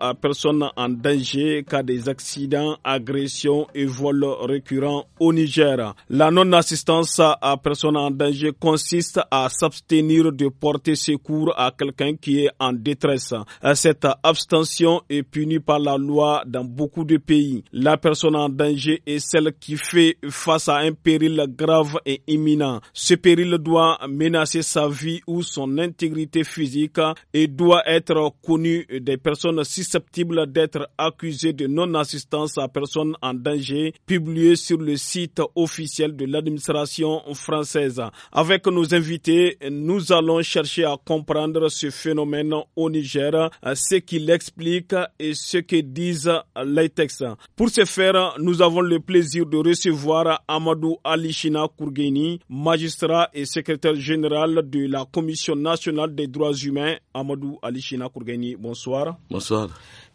à personnes en danger cas des accidents, agressions et vols récurrents au Niger. La non-assistance à personne en danger consiste à s'abstenir de porter secours à quelqu'un qui est en détresse. Cette abstention est punie par la loi dans beaucoup de pays. La personne en danger est celle qui fait face à un péril grave et imminent. Ce péril doit menacer sa vie ou son intégrité physique et doit être connu des personnes susceptible susceptibles d'être accusé de non-assistance à personne en danger publié sur le site officiel de l'administration française. Avec nos invités, nous allons chercher à comprendre ce phénomène au Niger, ce qu'il explique et ce que disent les textes. Pour ce faire, nous avons le plaisir de recevoir Amadou Alishina Kourgeni, magistrat et secrétaire général de la Commission nationale des droits humains. Amadou Alishina Kourgeni, bonsoir. bonsoir. Bonsoir.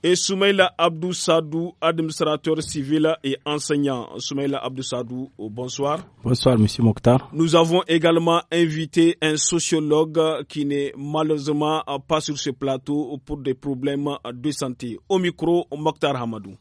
Et Soumaïla Abdou Sadou, administrateur civil et enseignant. Soumaïla Abdou Sadou, bonsoir. Bonsoir, monsieur Mokhtar. Nous avons également invité un sociologue qui n'est malheureusement pas sur ce plateau pour des problèmes de santé. Au micro, Mokhtar Hamadou.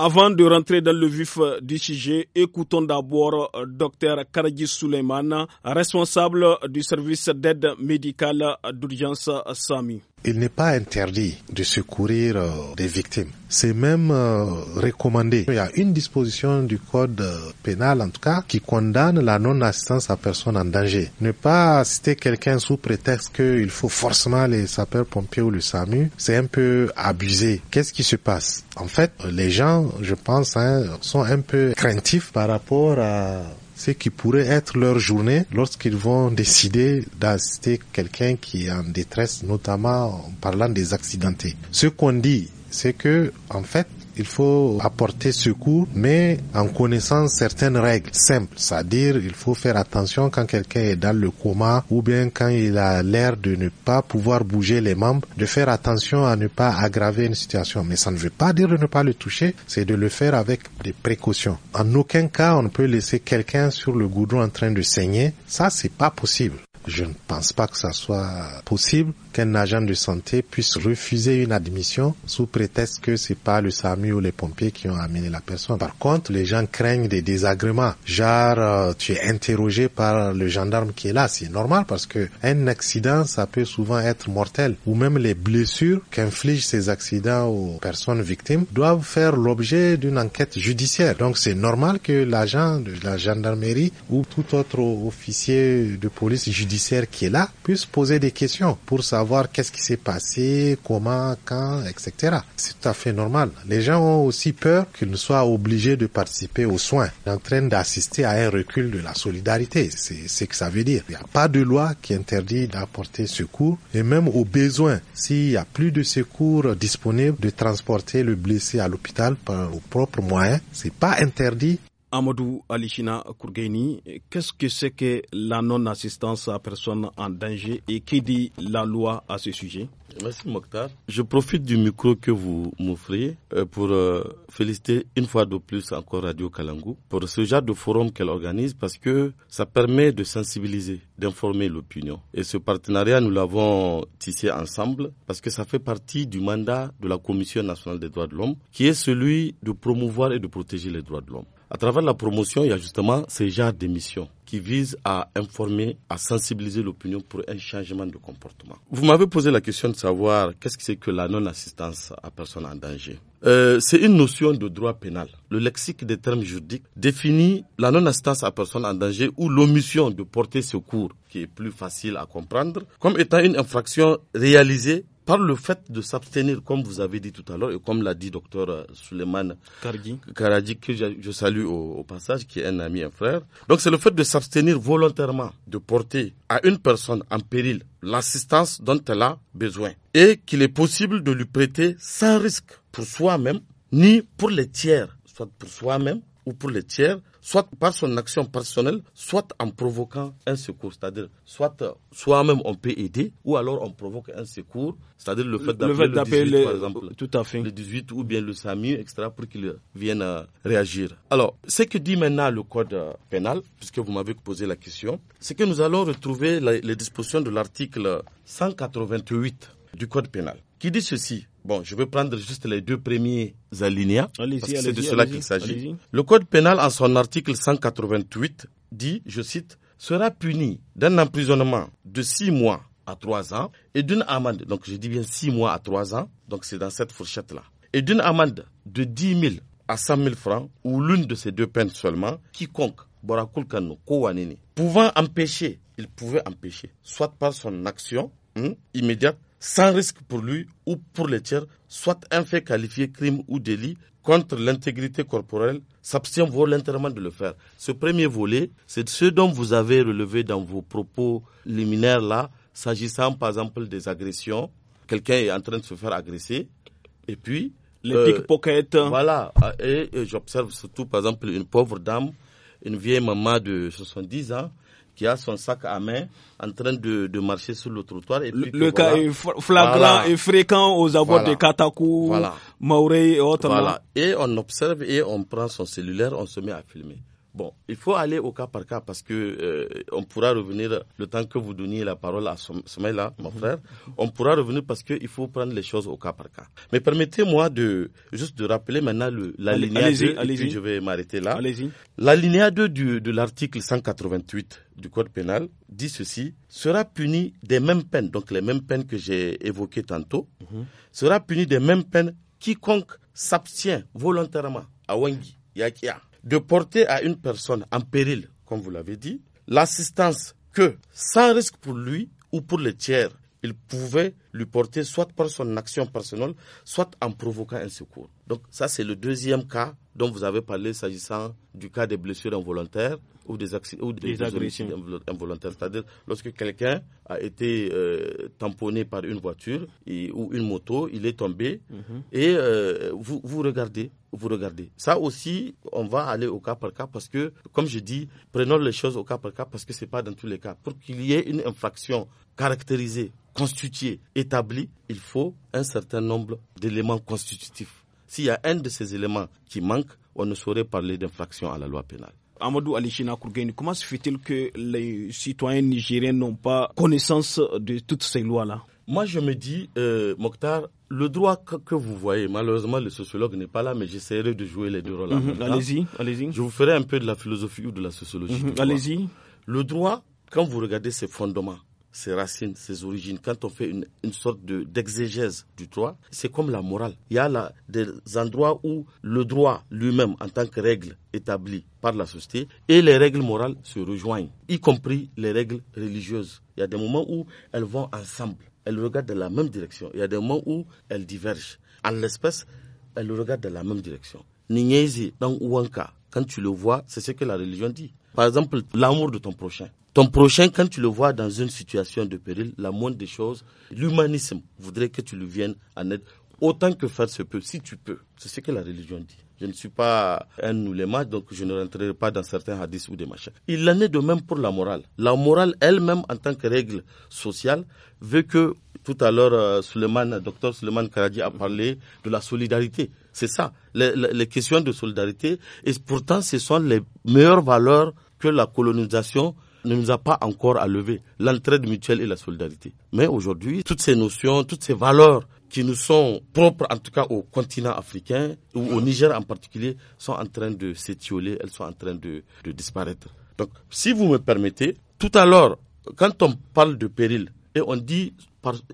Avant de rentrer dans le vif euh, du sujet, écoutons d'abord euh, Dr Karadji Suleiman, responsable du service d'aide médicale euh, d'urgence SAMI. Il n'est pas interdit de secourir euh, des victimes. C'est même euh, recommandé. Il y a une disposition du code euh, pénal, en tout cas, qui condamne la non-assistance à personne en danger. Ne pas citer quelqu'un sous prétexte qu'il faut forcément les sapeurs-pompiers ou le SAMU, c'est un peu abusé. Qu'est-ce qui se passe En fait, les gens, je pense, hein, sont un peu craintifs par rapport à ce qui pourrait être leur journée lorsqu'ils vont décider d'assister quelqu'un qui est en détresse, notamment en parlant des accidentés. Ce qu'on dit, c'est que, en fait, il faut apporter secours, mais en connaissant certaines règles simples. C'est-à-dire, il faut faire attention quand quelqu'un est dans le coma ou bien quand il a l'air de ne pas pouvoir bouger les membres, de faire attention à ne pas aggraver une situation. Mais ça ne veut pas dire de ne pas le toucher, c'est de le faire avec des précautions. En aucun cas, on ne peut laisser quelqu'un sur le goudron en train de saigner. Ça, c'est pas possible. Je ne pense pas que ça soit possible qu'un agent de santé puisse refuser une admission sous prétexte que c'est pas le SAMU ou les pompiers qui ont amené la personne. Par contre, les gens craignent des désagréments. Genre, euh, tu es interrogé par le gendarme qui est là. C'est normal parce que un accident, ça peut souvent être mortel. Ou même les blessures qu'infligent ces accidents aux personnes victimes doivent faire l'objet d'une enquête judiciaire. Donc, c'est normal que l'agent de la gendarmerie ou tout autre officier de police judiciaire qui est là puisse poser des questions pour savoir qu'est-ce qui s'est passé, comment, quand, etc. C'est tout à fait normal. Les gens ont aussi peur qu'ils ne soient obligés de participer aux soins, en train d'assister à un recul de la solidarité. C'est ce que ça veut dire. Il n'y a pas de loi qui interdit d'apporter secours et même au besoin, S'il n'y a plus de secours disponibles, de transporter le blessé à l'hôpital par vos propres moyens, c'est pas interdit Amadou Alishina Kourgueni, qu'est-ce que c'est que la non-assistance à personne en danger et qui dit la loi à ce sujet Merci Mokhtar. Je profite du micro que vous m'offrez euh, pour euh, féliciter une fois de plus encore Radio Kalangou pour ce genre de forum qu'elle organise parce que ça permet de sensibiliser, d'informer l'opinion. Et ce partenariat, nous l'avons tissé ensemble parce que ça fait partie du mandat de la Commission nationale des droits de l'homme qui est celui de promouvoir et de protéger les droits de l'homme. À travers la promotion, il y a justement ces genre d'émissions qui vise à informer, à sensibiliser l'opinion pour un changement de comportement. Vous m'avez posé la question de savoir qu'est-ce que c'est que la non-assistance à personne en danger. Euh, c'est une notion de droit pénal. Le lexique des termes juridiques définit la non-assistance à personne en danger ou l'omission de porter secours, qui est plus facile à comprendre, comme étant une infraction réalisée par le fait de s'abstenir, comme vous avez dit tout à l'heure, et comme l'a dit docteur euh, Suleiman Karadji que je, salue au, passage, qui est un ami, un frère. Donc c'est le fait de s'abstenir Abstenir volontairement de porter à une personne en péril l'assistance dont elle a besoin et qu'il est possible de lui prêter sans risque pour soi-même ni pour les tiers, soit pour soi-même ou pour les tiers, soit par son action personnelle, soit en provoquant un secours, c'est-à-dire soit même on peut aider, ou alors on provoque un secours, c'est-à-dire le fait d'appeler le, 18, par exemple, oh, tout le 18 ou bien le SAMU, etc., pour qu'il vienne euh, réagir. Alors, ce que dit maintenant le code euh, pénal, puisque vous m'avez posé la question, c'est que nous allons retrouver les dispositions de l'article 188 du code pénal, qui dit ceci. Bon, je vais prendre juste les deux premiers alinéas, parce que c'est de cela qu'il s'agit. Le Code pénal, en son article 188, dit, je cite, sera puni d'un emprisonnement de six mois à trois ans et d'une amende, donc je dis bien six mois à trois ans, donc c'est dans cette fourchette-là, et d'une amende de 10 000 à 100 000 francs, ou l'une de ces deux peines seulement, quiconque, Borakul Kano, pouvant empêcher, il pouvait empêcher, soit par son action hein, immédiate, sans risque pour lui ou pour les tiers, soit un fait qualifié crime ou délit contre l'intégrité corporelle, s'abstient volontairement de le faire. Ce premier volet, c'est ce dont vous avez relevé dans vos propos liminaires là, s'agissant par exemple des agressions. Quelqu'un est en train de se faire agresser, et puis les pickpockets. Euh, voilà, et j'observe surtout par exemple une pauvre dame, une vieille maman de 70 ans, qui a son sac à main en train de, marcher sur le trottoir. Et le cas est flagrant et fréquent aux abords de Katakou, Mauré et autres. Et on observe et on prend son cellulaire, on se met à filmer. Bon, il faut aller au cas par cas parce que euh, on pourra revenir le temps que vous donniez la parole à mec-là, mon mhm. frère. On pourra revenir parce qu'il faut prendre les choses au cas par cas. Mais permettez-moi de juste de rappeler maintenant le, la allez, linéa 2 allez y je vais m'arrêter là. La 2 du, de l'article 188 du Code pénal dit ceci sera puni des mêmes peines, donc les mêmes peines que j'ai évoquées tantôt, mhm. sera puni des mêmes peines quiconque s'abstient volontairement à Wangi, Yakia de porter à une personne en péril, comme vous l'avez dit, l'assistance que, sans risque pour lui ou pour les tiers, il pouvait lui porter soit par son action personnelle, soit en provoquant un secours. Donc ça, c'est le deuxième cas dont vous avez parlé s'agissant du cas des blessures involontaires ou des, ou des, agressions involontaires. C'est-à-dire lorsque quelqu'un a été euh, tamponné par une voiture ou une moto, il est tombé mhm. et euh, vous, vous regardez. Vous regardez. Ça aussi, on va aller au cas par cas parce que, comme je dis, prenons les choses au cas par cas parce que ce n'est pas dans tous les cas. Pour qu'il y ait une infraction caractérisée, constituée établi, il faut un certain nombre d'éléments constitutifs. S'il y a un de ces éléments qui manque, on ne saurait parler d'infraction à la loi pénale. Amadou Alishina Kourgeni, comment se fait-il que les citoyens nigériens n'ont pas connaissance de toutes ces lois-là Moi, je me dis, euh, Mokhtar, le droit que, vous voyez, malheureusement, le sociologue n'est pas là, mais j'essaierai de jouer les deux rôles. Mhm, allez-y, allez-y. Je vous ferai un peu de la philosophie ou de la sociologie. Mhm, allez-y. Le droit, quand vous regardez ses fondements, ses racines, ses origines. Quand on fait une, une sorte d'exégèse du droit, c'est comme la morale. Il y a là des endroits où le droit lui-même, en tant que règle établie par la société, et les règles morales se rejoignent, y compris les règles religieuses. Il y a des moments où elles vont ensemble, elles regardent dans la même direction. Il y a des moments où elles divergent. En l'espèce, elles regardent dans la même direction. Ninyezi, dans Ouanka, quand tu le vois, c'est ce que la religion dit. Par exemple, l'amour de ton prochain. Ton prochain, quand tu le vois dans une situation de péril, la moindre des choses, l'humanisme voudrait que tu lui viennes en aide autant que faire se peut, si tu peux. C'est ce que la religion dit. Je ne suis pas un ouléma, donc je ne rentrerai pas dans certains hadiths ou des machins. Il en est de même pour la morale. La morale elle-même, en tant que règle sociale, veut que, tout à l'heure, euh, Suleiman, docteur Suleiman Karadi a parlé de la solidarité. C'est ça, les, questions de solidarité. Et pourtant, ce sont les meilleures valeurs que la colonisation ne nous a pas encore à lever, l'entraide mutuelle et la solidarité. Mais aujourd'hui, toutes ces notions, toutes ces valeurs qui nous sont propres, en tout cas au continent africain, ou au Niger en particulier, sont en train de s'étioler, elles sont en train de, disparaître. Donc, si vous me permettez, tout à l'heure, quand on parle de péril, et on dit,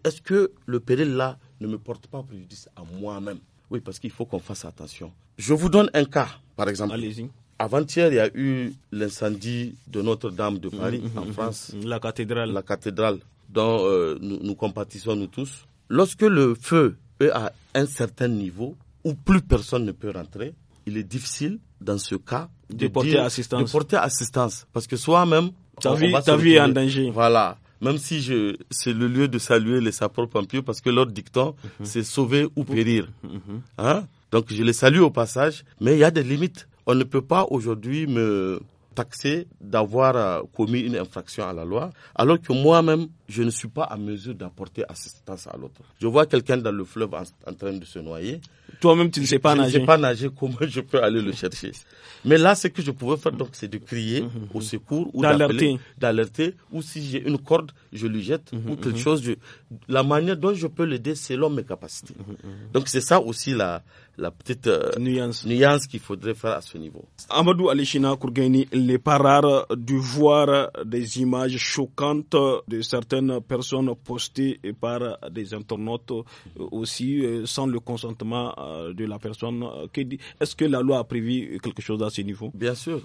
est-ce que le péril là ne me porte pas préjudice à moi-même oui, parce qu'il faut qu'on fasse attention. Je vous donne un cas, par exemple. Avant-hier, il y a eu l'incendie de Notre-Dame de Paris, mhm, en mhm, France. Mhm, la cathédrale. La cathédrale, dont euh, nous, compatissons nous tous. Lorsque le feu est à un certain niveau, où plus personne ne peut rentrer, il est difficile, dans ce cas, de, porter assistance. porter assistance. Parce que soi-même, ta vie, ta vie est en danger. Voilà même si je, c'est le lieu de saluer les sapeurs-pompiers parce que leur dicton, mhm. c'est sauver ou périr. Mhm. Hein? Donc je les salue au passage, mais il y a des limites. On ne peut pas aujourd'hui me taxer d'avoir euh, commis une infraction à la loi, alors que moi-même, je ne suis pas à mesure d'apporter assistance à l'autre. Je vois quelqu'un dans le fleuve en train de se noyer toi-même, tu ne sais pas nager. Je ne sais pas nager, comment je peux aller le chercher Mais là, ce que je pouvais faire, donc, c'est de crier mhm, mhm. au secours ou d'alerter. D'alerter, ou si j'ai une corde, je lui jette, mhm, ou quelque chose. La manière dont je peux l'aider, c'est selon mes capacités. Donc, c'est ça aussi la, la petite euh, nuance, nuance qu'il faudrait faire à ce niveau. Amadou Alishina Kourgaini, il n'est pas rare de voir des images choquantes de certaines personnes postées par des internautes euh, aussi euh, sans le consentement de la personne. Est-ce que la loi a prévu quelque chose à ce niveau Bien sûr.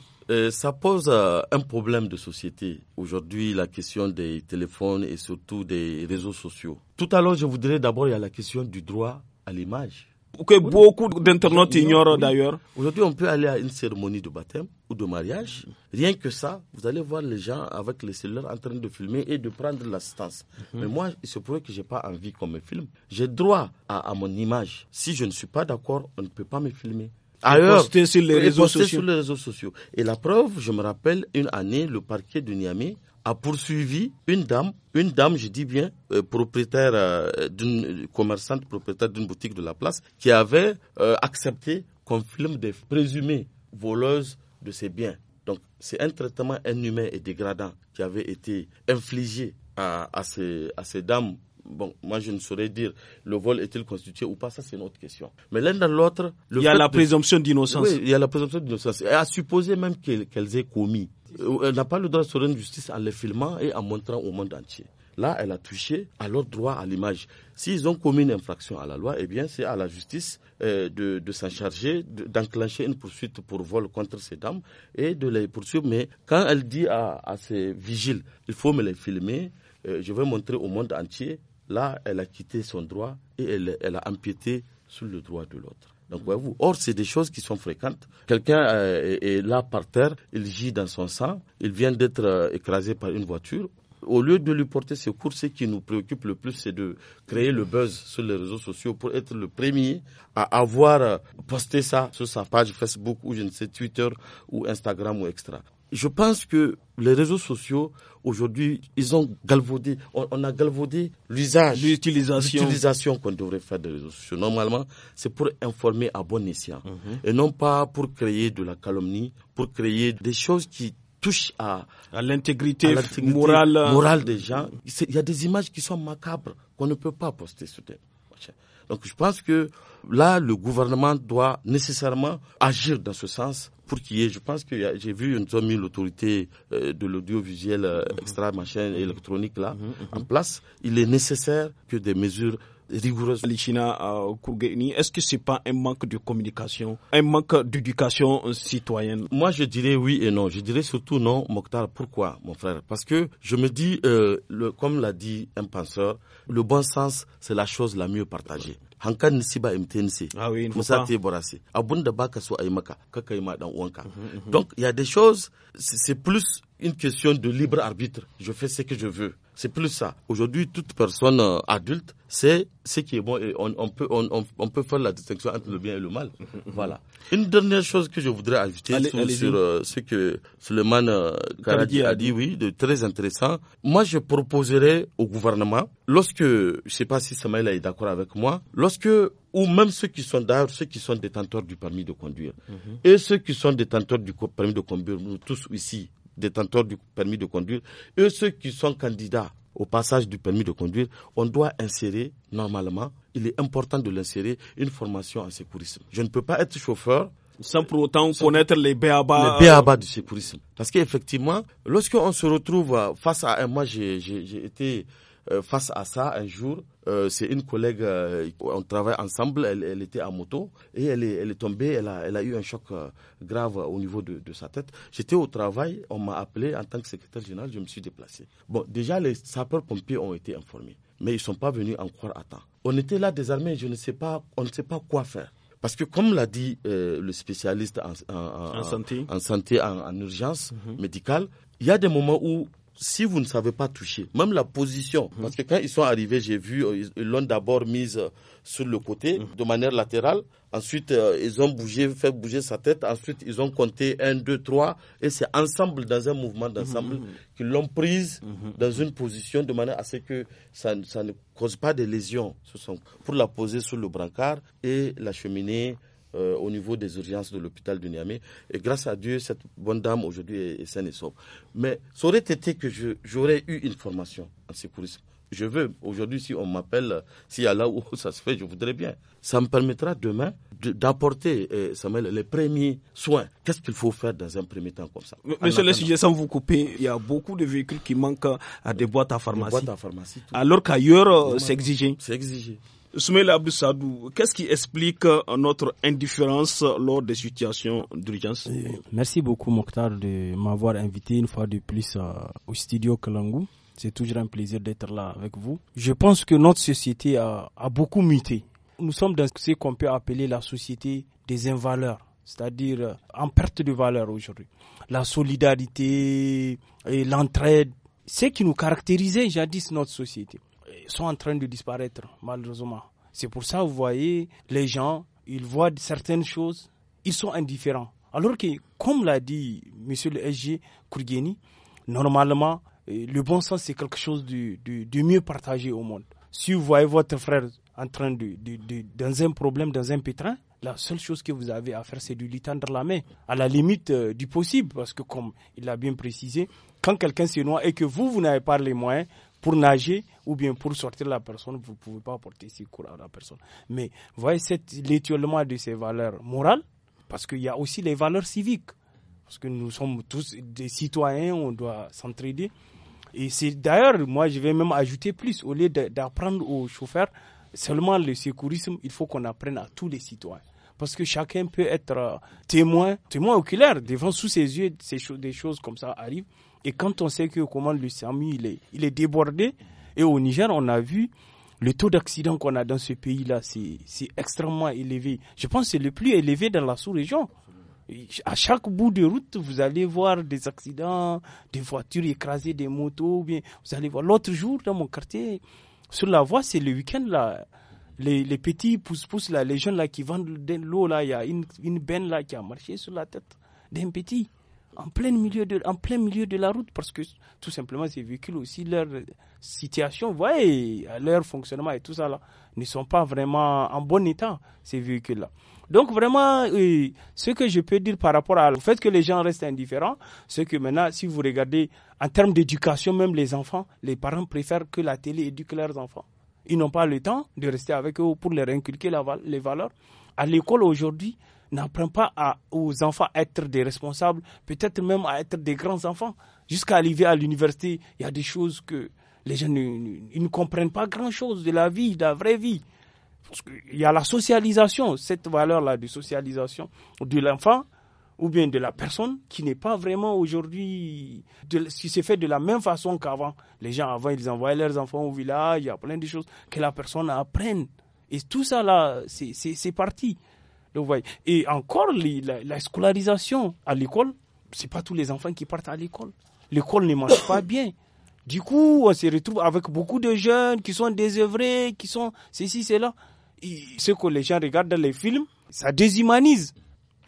ça pose un problème de société. Aujourd'hui, la question des téléphones et surtout des réseaux sociaux. Tout à l'heure, je voudrais d'abord, il y a la question du droit à l'image que beaucoup d'internautes ignorent d'ailleurs. Aujourd'hui, on peut aller à une cérémonie de baptême ou de mariage. Rien que ça, vous allez voir les gens avec les cellulaires en train de filmer et de prendre la stance mhm. Mais moi, il se pourrait que je n'ai pas envie qu'on me filme. J'ai droit à, mon image. Si je ne suis pas d'accord, on ne peut pas me filmer. Ailleurs, c'était sur les réseaux sociaux. Et la preuve, je me rappelle une année, le parquet de Niamey a poursuivi une dame, une dame, je dis bien, euh, propriétaire euh, d'une commerçante, propriétaire d'une boutique de la place, qui avait euh, accepté qu'on filme des présumées voleuses de ses biens. Donc, c'est un traitement inhumain et dégradant qui avait été infligé à, à, ces, à ces dames bon, moi je ne saurais dire le vol est-il constitué ou pas, ça c'est une autre question. Mais l'un dans l'autre. Il y a la présomption d'innocence. il y a la présomption d'innocence. Et à supposer même qu'elles aient commis euh, euh, elle n'a pas le droit de se rendre justice en les filmant et en montrant au monde entier. Là, elle a touché à leur droit à l'image. S'ils ont commis une infraction à la loi, eh bien, c'est à la justice euh, de, s'en charger, d'enclencher une poursuite pour vol contre ces dames et de les poursuivre. Mais quand elle dit à, ses ces vigiles, il faut me les filmer, je vais montrer au monde entier, là, elle a quitté son droit et elle a empiété sur le droit de l'autre or, c'est des choses qui sont fréquentes. Quelqu'un euh, est, là par terre, il gît dans son sang, il vient d'être euh, écrasé par une voiture. Au lieu de lui porter secours, ce qui nous préoccupe le plus, c'est de créer le buzz sur les réseaux sociaux pour être le premier à avoir euh, posté ça sur sa page Facebook ou je ne sais Twitter ou Instagram ou extra je pense que les réseaux sociaux, aujourd'hui, ils ont galvaudé, on, a galvaudé l'usage, l'utilisation qu'on devrait faire des réseaux sociaux. Normalement, c'est pour informer à bon escient mhm. et non pas pour créer de la calomnie, pour créer des choses qui touchent à, l'intégrité morale. des gens. Il y a des images qui sont macabres qu'on ne peut pas poster sur des donc je pense que là, le gouvernement doit nécessairement agir dans ce sens pour qu'il y ait, je pense que j'ai vu, nous avons mis l'autorité euh, de l'audiovisuel euh, mhm. extra machin mhm. électronique là mhm, en place. Il est nécessaire que des mesures rigoureuses. rigoureuses euh, est-ce que c'est pas un manque de communication, un manque d'éducation citoyenne Moi, je dirais oui et non. Je dirais surtout non, Mokhtar. Pourquoi, mon frère Parce que je me dis, euh, le, comme l'a dit un penseur, le bon sens, c'est la chose la mieux partagée hankan ni si se musa te bora se abun da baka so maka ka kai ma dan uwanka mhm, mhm. donc il y a des choses c'est plus une question de libre arbitre je fais ce que je veux c'est plus ça. Aujourd'hui, toute personne euh, adulte c'est ce qui est bon et on, on peut, on, on, peut faire la distinction entre le bien et le mal. Mhm, mhm, mhm. voilà. Une dernière chose que je voudrais ajouter sur, euh, ce que Suleiman euh, Karadji a dit, oui, de très intéressant. Moi, je proposerais au gouvernement, lorsque, je sais pas si Samuel est d'accord avec moi, lorsque ou même ceux qui sont d'ailleurs ceux qui sont détenteurs du permis de conduire et ceux qui sont détenteurs du permis de conduire, nous tous ici, détenteurs du permis de conduire eux, ceux qui sont candidats au passage du permis de conduire, on doit insérer normalement, il est important de l'insérer, une formation en sécurisme. Je ne peux pas être chauffeur sans pour autant connaître les béabas. Les béabas du sécurisme. Parce qu'effectivement, lorsqu'on se retrouve euh, face à un, moi j'ai été euh, face à ça, un jour, euh, c'est une collègue, euh, on travaille ensemble, elle, était en moto et elle est, tombée, elle a, eu un choc grave au niveau de, sa tête. J'étais au travail, on m'a appelé en tant que secrétaire général, je me suis déplacé. Bon, déjà, les sapeurs-pompiers ont été informés, mais ils ne sont pas venus encore à temps. On était là désarmés, je ne sais pas, on ne sait pas quoi faire. Parce que comme l'a dit le spécialiste en, en, santé, en, urgence mhm. médicale, il y a des moments où si vous ne savez pas toucher, même la position, mhm. parce que quand ils sont arrivés, j'ai vu, euh, ils l'ont d'abord mise euh, sur le côté mhm. de manière latérale. Ensuite, euh, ils ont bougé, fait bouger sa tête. Ensuite, ils ont compté 1, 2, 3. Et c'est ensemble, dans un mouvement d'ensemble, mhm. qu'ils l'ont prise dans une position de manière à ce que ça, ne cause pas de lésions. pour la poser sur le brancard et la cheminée euh, au niveau des urgences de l'hôpital de Niamey. Et grâce à Dieu, cette bonne dame aujourd'hui est, saine et sauve. Mais ça aurait été que j'aurais eu une formation en sécurisme. Je veux, aujourd'hui, si on m'appelle, s'il y a là où ça se fait, je voudrais bien. Ça me permettra demain d'apporter, euh, Samuel, les premiers soins. Qu'est-ce qu'il faut faire dans un premier temps comme ça Monsieur le sujet, sans vous couper, il y a beaucoup de véhicules qui manquent à des boîtes Boîtes à pharmacie alors qu'ailleurs, euh, c'est exigé. C'est exigé. Soumaïla Abdou qu'est-ce qui explique euh, notre indifférence euh, lors des situations d'urgence euh, Merci beaucoup Mokhtar de m'avoir invité une fois de plus au studio Kalangou. C'est toujours un plaisir d'être là avec vous. Je pense que notre société a, a beaucoup muté. Nous sommes dans ce qu'on peut appeler la société des invaleurs, c'est-à-dire en perte de valeur aujourd'hui. La solidarité et l'entraide, c'est qui nous caractérisait jadis notre société sont en train de disparaître, malheureusement. C'est pour ça, vous voyez, les gens, ils voient certaines choses, ils sont indifférents. Alors que, comme l'a dit M. le SG Kourgueni, normalement, euh, le bon sens, c'est quelque chose de, mieux partagé au monde. Si vous voyez votre frère en train de, de dans un problème, dans un pétrin, la seule chose que vous avez à faire, c'est de lui tendre la main, à la limite euh, du possible, parce que comme il l'a bien précisé, quand quelqu'un se noie et que vous, vous n'avez pas les moyens, pour nager ou bien pour sortir la personne, vous ne pouvez pas apporter secours à la personne. Mais voyez l'étiolement de ces valeurs morales, parce qu'il y a aussi les valeurs civiques. Parce que nous sommes tous des citoyens, on doit s'entraider. Et c'est d'ailleurs, moi je vais même ajouter plus, au lieu d'apprendre aux chauffeurs seulement le secourisme, il faut qu'on apprenne à tous les citoyens parce que chacun peut être euh, témoin, témoin oculaire devant sous ses yeux, ces des choses comme ça arrivent. Et quand on sait que comment le SAMU il est, il est débordé, et au Niger, on a vu le taux d'accident qu'on a dans ce pays-là, c'est extrêmement élevé. Je pense que c'est le plus élevé dans la sous-région. À chaque bout de route, vous allez voir des accidents, des voitures écrasées, des motos. Bien, vous allez voir. L'autre jour, dans mon quartier, sur la voie, c'est le week-end là. Les, les petits pousses-pousses, là, les jeunes là qui vendent de l'eau là, il y a une, une benne là qui a marché sur la tête d'un petit en plein milieu de, en plein milieu de la route parce que tout simplement ces véhicules aussi, leur situation, voyez, leur fonctionnement et tout ça là, ne sont pas vraiment en bon état, ces véhicules-là. Donc vraiment, ce que je peux dire par rapport au fait que les gens restent indifférents, c'est que maintenant, si vous regardez en termes d'éducation, même les enfants, les parents préfèrent que la télé éduque leurs enfants. Ils n'ont pas le temps de rester avec eux pour leur inculquer les valeurs. À l'école aujourd'hui, n'apprend pas aux enfants à être des responsables, peut-être même à être des grands enfants. Jusqu'à arriver à l'université, il y a des choses que les gens ne, comprennent pas grand-chose de la vie, de la vraie vie. Parce il y a la socialisation, cette valeur-là de socialisation de l'enfant ou bien de la personne qui n'est pas vraiment aujourd'hui, qui s'est fait de la même façon qu'avant. Les gens avant, ils envoyaient leurs enfants au village, il y a plein de choses que la personne apprenne. Et tout ça là, c'est parti. Et encore, la, scolarisation à l'école, c'est pas tous les enfants qui partent à l'école. L'école ne marche pas bien. Du coup, on se retrouve avec beaucoup de jeunes qui sont désœuvrés, qui sont ceci, cela. Et ce que les gens regardent dans les films, ça déshumanise.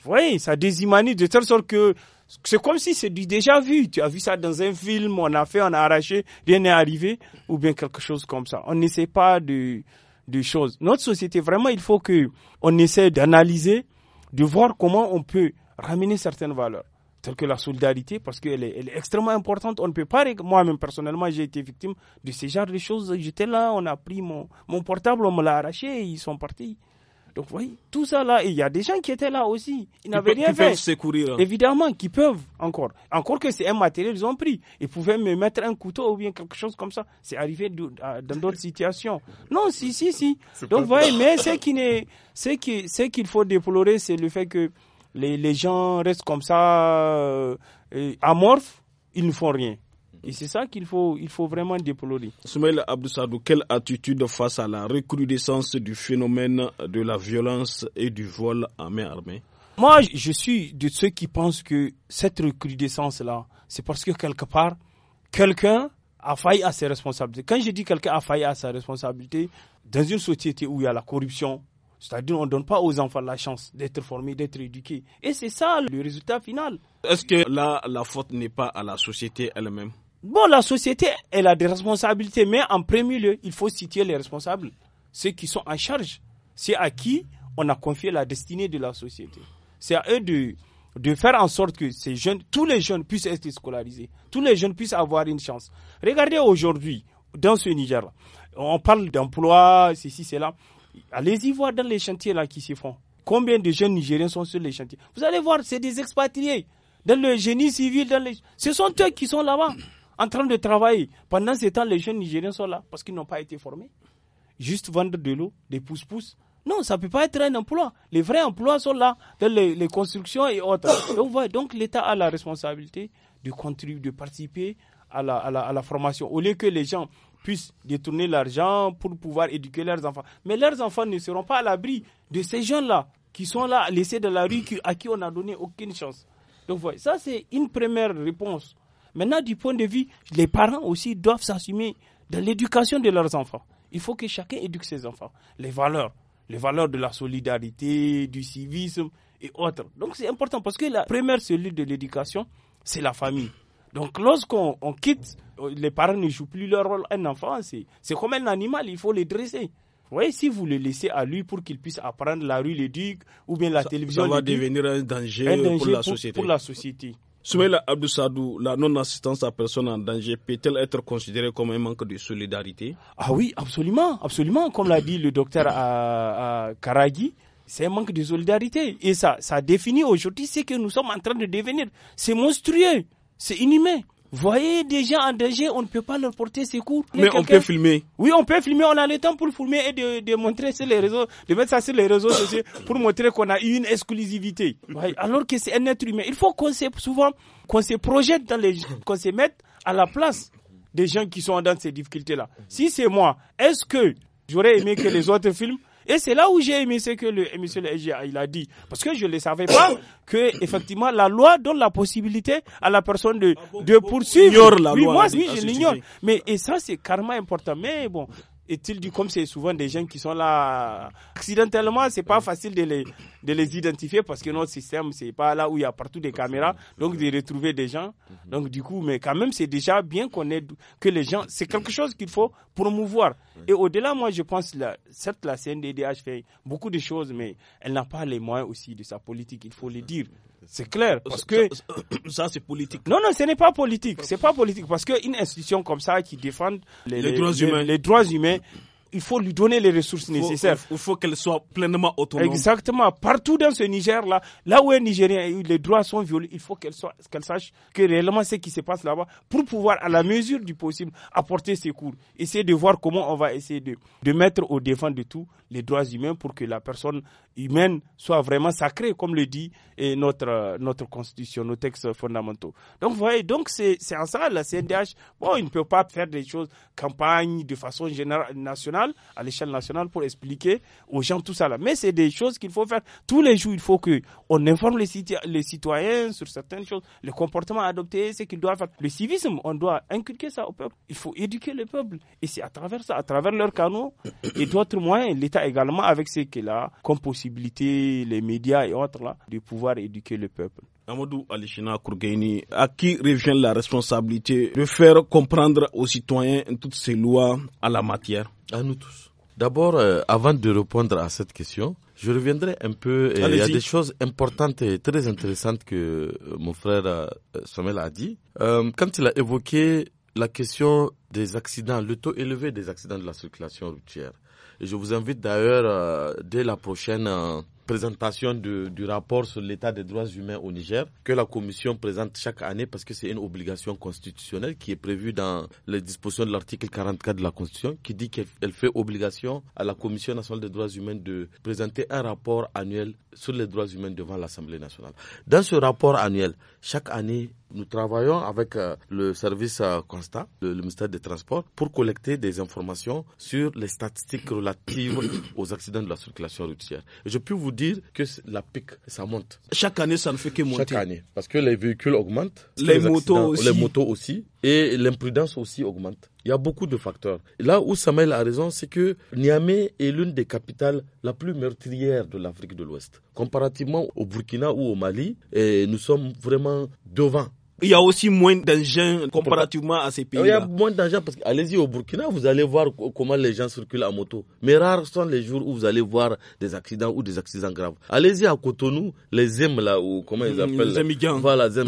Vous voyez, ça déshumanise de telle sorte que c'est comme si c'est déjà vu. Tu as vu ça dans un film, on a fait, on a arraché, rien n'est arrivé, ou bien quelque chose comme ça. On n'essaie pas de, de choses. Notre société, vraiment, il faut que on essaie d'analyser, de voir comment on peut ramener certaines valeurs, telles que la solidarité, parce qu'elle est, elle est, extrêmement importante. On ne peut pas. Moi-même, personnellement, j'ai été victime de ce genre de choses. J'étais là, on a pris mon, mon portable, on me l'a arraché et ils sont partis. Donc, vous voyez, tout ça là, il y a des gens qui étaient là aussi. Ils n'avaient rien qui fait. Peuvent secourir, Évidemment, qui peuvent encore. Encore que c'est un matériel, ils ont pris. Ils pouvaient me mettre un couteau ou bien quelque chose comme ça. C'est arrivé dans d'autres situations. Non, si, si, si. Donc, vous voyez, mais ce qu'il ce qu'il faut déplorer, c'est le fait que les, gens restent comme ça, euh, amorphes, ils ne font rien. Et c'est ça qu'il faut, vraiment déplorer. Soumaïl Abdoussadou, quelle attitude face à la recrudescence du phénomène de la violence et du vol en main armée Moi, je suis de ceux qui pensent que cette recrudescence-là, c'est parce que quelque part, quelqu'un a failli à ses responsabilités. Quand je dis quelqu'un a failli à sa responsabilité, dans une société où il y a la corruption, c'est-à-dire on ne donne pas aux enfants la chance d'être formés, d'être éduqués. Et c'est ça le résultat final. Est-ce que là, la faute n'est pas à la société elle-même Bon, la société, elle a des responsabilités, mais en premier lieu, il faut citer les responsables, ceux qui sont en charge. C'est à qui on a confié la destinée de la société. C'est à eux de, faire en sorte que ces jeunes, tous les jeunes puissent être scolarisés, tous les jeunes puissent avoir une chance. Regardez aujourd'hui, dans ce Niger, -là, on parle d'emploi, ceci, cela. Allez-y voir dans les chantiers là qui se font. Combien de jeunes Nigériens sont sur les chantiers Vous allez voir, c'est des expatriés. Dans le génie civil, dans les... ce sont eux qui sont là-bas en train de travailler. Pendant ce temps, les jeunes Nigériens sont là parce qu'ils n'ont pas été formés. Juste vendre de l'eau, des pousses-pousses. Non, ça ne peut pas être un emploi. Les vrais emplois sont là, dans les, constructions et autres. donc l'État a la responsabilité de contribuer, de participer à la, formation. Au lieu que les gens puissent détourner l'argent pour pouvoir éduquer leurs enfants. Mais leurs enfants ne seront pas à l'abri de ces jeunes-là qui sont là, laissés dans la rue, à qui on n'a donné aucune chance. Donc voyez ça c'est une première réponse Maintenant, du point de vue, les parents aussi doivent s'assumer dans l'éducation de leurs enfants. Il faut que chacun éduque ses enfants. Les valeurs, les valeurs de la solidarité, du civisme et autres. Donc c'est important parce que la première cellule de l'éducation, c'est la famille. Donc lorsqu'on quitte, euh, les parents ne jouent plus leur rôle. Un enfant, c'est comme un animal, il faut le dresser. Vous voyez, si vous le laissez à lui pour qu'il puisse apprendre la rue, l'éduque, ou bien la télévision. Ça va devenir un danger, pour la société. Soumaïla Sadou, la non-assistance à personne en danger peut-elle être considérée comme un manque de solidarité Ah oui, absolument, absolument. Comme l'a dit le docteur Karagi, c'est un manque de solidarité. Et ça, ça définit aujourd'hui ce que nous sommes en train de devenir. C'est monstrueux, c'est inhumain voyez des gens en danger, on ne peut pas leur porter secours. Mais on peut filmer. Oui, on peut filmer. On a le temps pour filmer et de, montrer sur les réseaux, de mettre ça sur les réseaux sociaux pour montrer qu'on a eu une exclusivité. Alors que c'est un être humain. Il faut qu'on se, souvent, qu'on se projette dans les, qu'on se mette à la place des gens qui sont dans ces difficultés-là. Si c'est moi, est-ce que j'aurais aimé que les autres filment et c'est là où j'ai aimé ce que le, monsieur le il a dit. Parce que je ne savais pas que, effectivement, la loi donne la possibilité à la personne de, ah de poursuivre. La oui, moi, je l'ignore. Mais, et ça, c'est carrément important. Mais bon, est-il du comme c'est souvent des gens qui sont là accidentellement, c'est pas facile de les, de les identifier parce que notre système, c'est pas là où il y a partout des caméras, donc de retrouver des gens. Mhm. Donc du coup, mais quand même, c'est déjà bien qu'on ait, que les gens, c'est quelque chose qu'il faut promouvoir. Et au-delà, moi, je pense, que certes, la CNDDH fait beaucoup de choses, mais elle n'a pas les moyens aussi de sa politique, il faut le dire. C'est clair. Parce que. Ça, c'est politique. Non, non, ce n'est pas politique. C'est pas politique. Parce qu'une institution comme ça qui défend les droits humains il faut lui donner les ressources nécessaires. Il faut qu'elle soit pleinement autonome. Exactement. Partout dans ce Niger-là, là où un Nigérien les droits sont violés, il faut qu'elle qu'elle sache que réellement ce qui se passe là-bas pour pouvoir, à la mesure du possible, apporter ses cours. Essayer de voir comment on va essayer de, mettre au défense de tout les droits humains pour que la personne humaine soit vraiment sacrée, comme le dit notre, notre constitution, nos textes fondamentaux. Donc, vous voyez, donc c'est en ça, la CNDH, bon, il ne peut pas faire des choses, campagne de façon générale, nationale, à l'échelle nationale, pour expliquer aux gens tout ça là. Mais c'est des choses qu'il faut faire tous les jours. Il faut qu'on informe les, citoyens sur certaines choses, le comportement adopté, ce qu'ils doivent faire. Le civisme, on doit inculquer ça au peuple. Il faut éduquer le peuple. Et c'est à travers ça, à travers leurs canaux et d'autres moyens, l'État également avec ce qu'il a comme possibilité, les médias et autres là, de pouvoir éduquer le peuple. Amadou à qui revient la responsabilité de faire comprendre aux citoyens toutes ces lois à la matière À nous tous. D'abord, euh, avant de répondre à cette question, je reviendrai un peu. Euh, il y a des choses importantes et très intéressantes que euh, mon frère euh, Samuel a dit. quand il a évoqué la question des accidents, le taux élevé des accidents de la circulation routière, et je vous invite d'ailleurs, dès la prochaine présentation du rapport sur l'état des droits humains au Niger que la Commission présente chaque année parce que c'est une obligation constitutionnelle qui est prévue dans les dispositions de l'article 44 de la Constitution qui dit qu'elle fait obligation à la Commission nationale des droits humains de présenter un rapport annuel sur les droits humains devant l'Assemblée nationale. Dans ce rapport annuel, chaque année, nous travaillons avec euh, le service euh, constat, le, ministère des Transports, pour collecter des informations sur les statistiques relatives aux accidents de la circulation routière. je peux vous dire que la pique, ça monte. Chaque année, ça ne fait que monter. Chaque année, parce que les véhicules augmentent, les, motos aussi. Les motos aussi, et l'imprudence aussi augmente. Il y a beaucoup de facteurs. Là où Samuel a raison, c'est que Niamey est l'une des capitales la plus meurtrière de l'Afrique de l'Ouest. Comparativement au Burkina ou au Mali, et nous sommes vraiment devant il y a aussi moins d'engins comparativement à ces pays-là. Il y a moins d'engins parce que allez y au Burkina, vous allez voir comment les gens circulent à moto. Mais rares sont les jours où vous allez voir des accidents ou des accidents graves. Allez-y à Cotonou, les Zem là, ou comment ils hmm, appellent Les Voilà, là.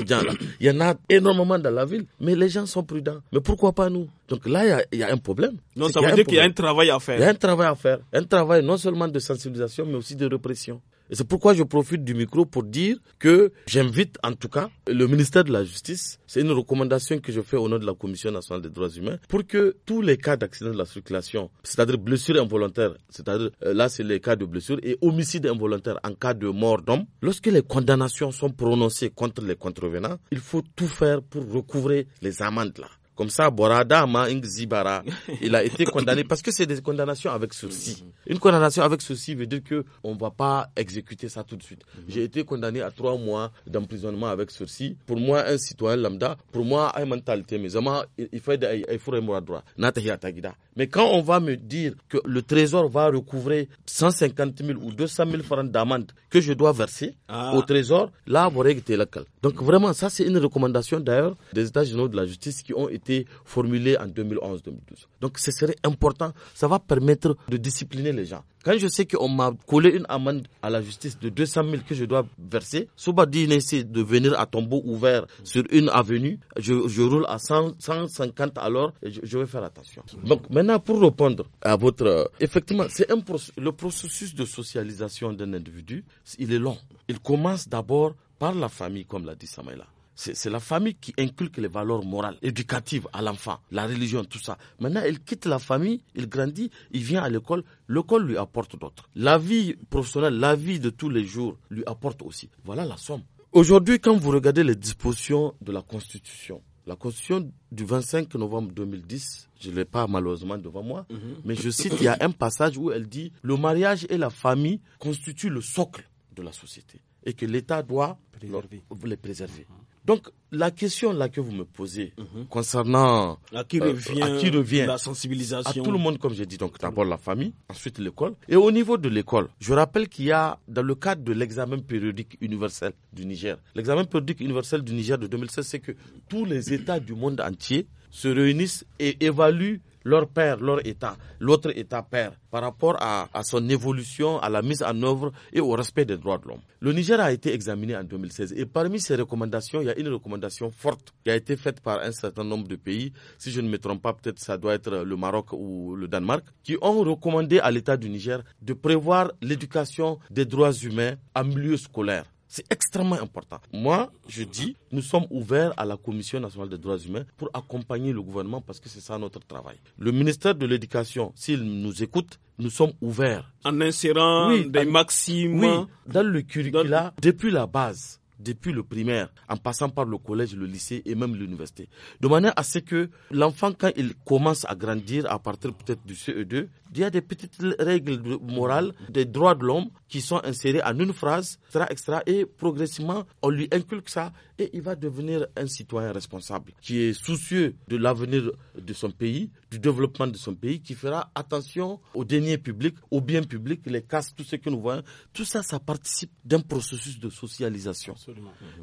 Il y en a énormément dans la ville, mais les gens sont prudents. Mais pourquoi pas nous Donc là, il y a, il y a un problème. Non, ça veut dire qu'il y a un travail à faire. Il y a un travail à faire. Un travail non seulement de sensibilisation, mais aussi de répression c'est pourquoi je profite du micro pour dire que j'invite en tout cas le ministère de la Justice, c'est une recommandation que je fais au nom de la Commission nationale des droits humains, pour que tous les cas d'accident de la circulation, c'est-à-dire blessure involontaire, c'est-à-dire euh, là c'est les cas de blessure et homicide involontaire en cas de mort d'homme, lorsque les condamnations sont prononcées contre les contrevenants, il faut tout faire pour recouvrer les amendes là. Comme ça, Borada Ma Zibara, il a été condamné parce que c'est des condamnations avec sursis. Mhm. Une condamnation avec sursis veut dire qu'on ne va pas exécuter ça tout de suite. Mhm. J'ai été condamné à trois mois d'emprisonnement avec sursis. Pour moi, un citoyen lambda, pour moi, une mentalité, mais il faut des droit. Mais quand on va me dire que le trésor va recouvrer 150 000 ou 200 000 francs d'amende que je dois verser ah. au trésor, là, vous réglez la Donc vraiment, ça, c'est une recommandation d'ailleurs des États généraux de la justice qui ont été formulés en 2011-2012. Donc ce serait important, ça va permettre de discipliner les gens. Quand je sais qu'on m'a collé une amende à la justice de 200 000 que je dois verser, Souba essaie de venir à tombeau ouvert sur une avenue, je, roule à 150 alors, je, je, vais faire attention. Donc maintenant, pour répondre à votre... effectivement, c'est un le processus de socialisation d'un individu, il est long. Il commence d'abord par la famille, comme l'a dit Samela. C'est la famille qui inculque les valeurs morales, éducatives à l'enfant, la religion, tout ça. Maintenant, il quitte la famille, il grandit, il vient à l'école, l'école lui apporte d'autres. La vie professionnelle, la vie de tous les jours lui apporte aussi. Voilà la somme. Aujourd'hui, quand vous regardez les dispositions de la Constitution, la Constitution du 25 novembre 2010, je ne l'ai pas malheureusement devant moi, mhm. mais je cite, il y a un passage où elle dit, le mariage et la famille constituent le socle de la société et que l'État doit préserver. les préserver. Ah. Donc, la question là que vous me posez mhm. concernant à euh, qui, revient, la sensibilisation à tout le monde comme j'ai dit donc d'abord mhm. la famille ensuite l'école et au niveau de l'école je rappelle qu'il y a dans le cadre de l'examen périodique universel du Niger l'examen périodique universel du Niger de 2016 c'est que tous les États du monde entier se réunissent et évaluent leur père, leur État, l'autre État père, par rapport à, à, son évolution, à la mise en œuvre et au respect des droits de l'homme. Le Niger a été examiné en 2016 et parmi ces recommandations, il y a une recommandation forte qui a été faite par un certain nombre de pays, si je ne me trompe pas, peut-être ça doit être le Maroc ou le Danemark, qui ont recommandé à l'État du Niger de prévoir l'éducation des droits humains en milieu scolaire c'est extrêmement important. Moi, je dis, nous sommes ouverts à la Commission nationale des droits humains pour accompagner le gouvernement parce que c'est ça notre travail. Le ministère de l'Éducation, s'il nous écoute, nous sommes ouverts. En insérant des maximes. Oui, dans le curricula, depuis la base depuis le primaire, en passant par le collège, le lycée et même l'université. De manière à ce que l'enfant, quand il commence à grandir à partir peut-être du CE2, il y a des petites règles morales des droits de l'homme qui sont insérées en une phrase, sera extra, et progressivement, on lui inculque ça et il va devenir un citoyen responsable qui est soucieux de l'avenir de son pays, du développement de son pays, qui fera attention aux deniers publics, aux biens publics, les casse, tout ce que nous voyons. Tout ça, ça participe d'un processus de socialisation.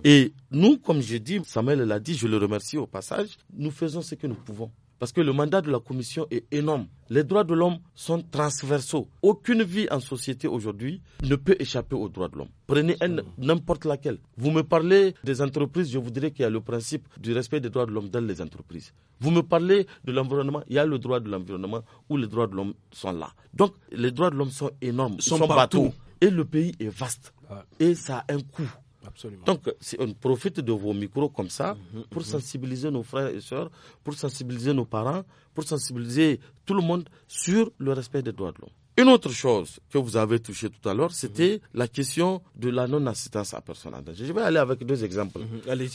Et nous, comme j'ai dit, Samuel l'a dit, je le remercie au passage, nous faisons ce que nous pouvons. Parce que le mandat de la Commission est énorme. Les droits de l'homme sont transversaux. Aucune vie en société aujourd'hui ne peut échapper aux droits de l'homme. Prenez n'importe laquelle. Vous me parlez des entreprises, je vous dirais qu'il y a le principe du respect des droits de l'homme dans les entreprises. Vous me parlez de l'environnement, il y a le droit de l'environnement où les droits de l'homme sont là. Donc les droits de l'homme sont énormes, ils sont, partout. Et le pays est vaste. Et ça a un coût. Donc, on profite de vos micros comme ça mhm, mhm. pour sensibiliser nos frères et sœurs, pour sensibiliser nos parents, pour sensibiliser tout le monde sur le respect des droits de l'homme. Une autre chose que vous avez touchée tout à l'heure, c'était mhm. la question de la non-assistance à personne Je vais aller avec deux exemples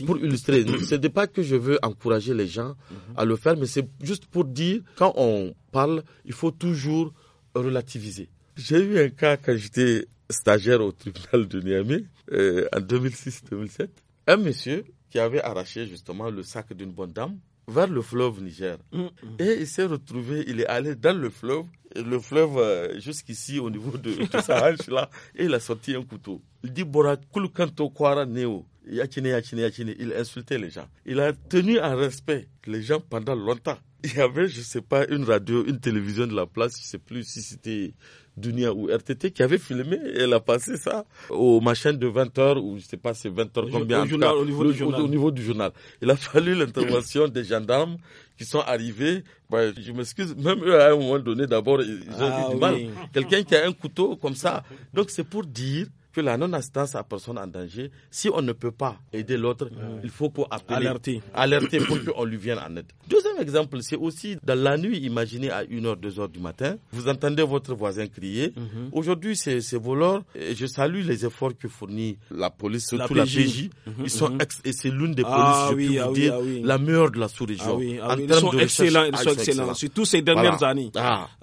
pour illustrer. Ce n'est pas que je veux encourager les gens à le faire, mais c'est juste pour dire, quand on parle, il faut toujours relativiser. J'ai eu un cas quand j'étais stagiaire au tribunal de Niamey euh, en 2006-2007. Un monsieur qui avait arraché justement le sac d'une bonne dame vers le fleuve Niger. Mm, mm. Et il s'est retrouvé, il est allé dans le fleuve, le fleuve euh, jusqu'ici au niveau de, sa hanche là, et il a sorti un couteau. Il dit Borakulukanto Kwara Neo. Yachine, yachine, yachine. Il insultait les gens. Il a tenu en respect les gens pendant longtemps. Il y avait, je sais pas, une radio, une télévision de la place, je sais plus si c'était Dunia ou RTT qui avait filmé. Elle a passé ça au machin de 20h ou je sais pas c'est 20h combien. Au, niveau Au, niveau du journal. Il a fallu l'intervention des gendarmes qui sont arrivés. Bah, je m'excuse, même eux à un moment donné d'abord ils ont eu ah du mal. Quelqu'un qui a un couteau comme ça. Donc c'est pour dire la non-assistance à personne en danger, si on ne peut pas aider l'autre, il faut qu'on appeler, alerter, alerter pour qu'on lui vienne en aide. Deuxième exemple, c'est aussi dans la nuit, imaginez à 1h, 2h du matin, vous entendez votre voisin crier. Mhm. Aujourd'hui, c'est voleurs, je salue les efforts que fournit la police, surtout la PJ. Mhm, ils sont mhm. ex et c'est l'une des ah polices, je vous ah dire, ah la meilleure de la sous-région. Ils sont excellents, ils sont excellents. Surtout ces dernières années,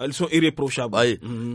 ils sont irréprochables.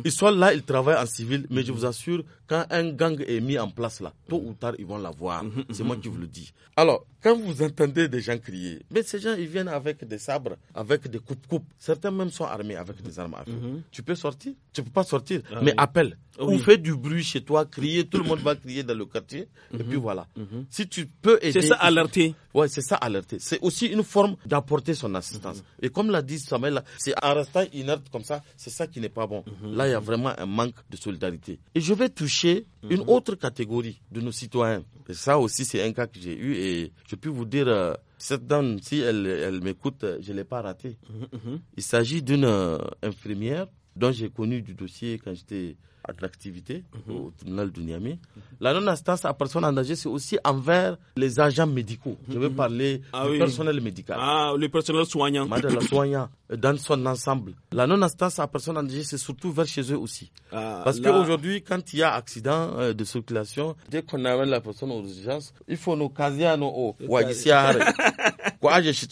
Ils sont là, ils travaillent en civil, mais je vous assure, quand un gars est mis en place là, tôt ou tard, ils vont l'avoir. Mhm, C'est moi mhm, qui vous le dis. Mhm. Alors, vous entendez des gens crier, mais ces gens, ils viennent avec des sabres, avec des coupes-coupes. Certains même sont armés avec des armes à feu. Mhm. Tu peux sortir Tu peux pas sortir, ah mais appelle. Ah Ou fais du bruit chez toi, crier, tout le monde va crier dans le quartier, et mhm. puis voilà. Mhm. Si tu peux aider... C'est ça, alerter. Ouais, c'est ça, alerter. C'est aussi une forme d'apporter son assistance. Et comme l'a dit Samuel, c'est en restant inerte comme ça, c'est ça qui n'est pas bon. Là, il y a vraiment un manque de solidarité. Et je vais toucher une autre catégorie de nos citoyens. Et ça aussi, c'est un cas que j'ai eu et je puis vous dire, euh, cette dame, si elle, elle m'écoute, euh, je ne l'ai pas ratée. Mm-hmm, mm-hmm. Il s'agit d'une euh, infirmière dont j'ai connu du dossier quand j'étais attractivité mhm. au tribunal de Niamey. La non-assistance à personne en danger, c'est aussi envers les agents médicaux. Je veux mhm. parler ah du personnel médical. Ah, le personnel soignant. Madame la soignant, euh, dans son ensemble. La non-assistance à personne en danger, c'est surtout vers chez eux aussi. Ah, Parce qu'aujourd'hui, quand il y a accident euh, de circulation, dès qu'on amène la personne aux urgences, il faut nos casiers, nos hauts. Quoi, je suis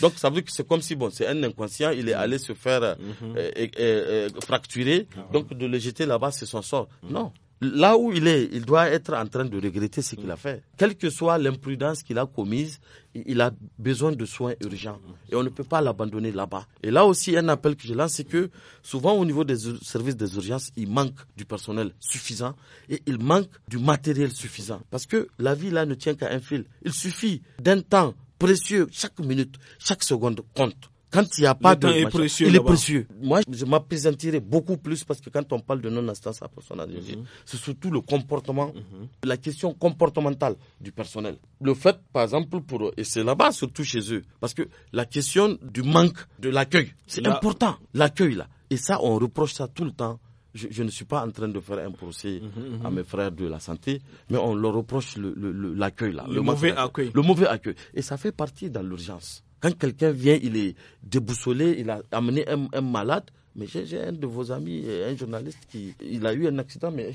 Donc, ça veut dire que c'est comme si, bon, c'est un inconscient, il est allé se faire euh, mhm. euh, euh fracturer. Ah Donc, de le jeter là-bas, c'est son sort. Non. Là où il est, il doit être en train de regretter ce qu'il a fait. Quelle que soit l'imprudence qu'il a commise, il a besoin de soins urgents. Et on ne peut pas l'abandonner là-bas. Et là aussi, un appel que je lance, c'est que souvent au niveau des services des urgences, il manque du personnel suffisant et il manque du matériel suffisant. Parce que la vie, là, ne tient qu'à un fil. Il suffit d'un temps précieux. Chaque minute, chaque seconde compte. Quand il n'y a pas de. précieux, il est précieux. Moi, je m'apprésentirai beaucoup plus parce que quand on parle de non-assistance à personne mhm. c'est surtout le comportement, mhm. la question comportementale du personnel. Le fait, par exemple, pour eux, et c'est là-bas, surtout chez eux, parce que la question du manque de l'accueil, c'est important, l'accueil là. Et ça, on reproche ça tout le temps je, ne suis pas en train de faire un procès mhm, mhm. à mes frères de la santé, mais on leur reproche l'accueil le, là. Le, mauvais accueil. Le mauvais accueil. Et ça fait partie dans l'urgence. Quand quelqu'un vient, il est déboussolé, il a amené un, malade, mais j'ai un de vos amis, un journaliste qui il a eu un accident, mais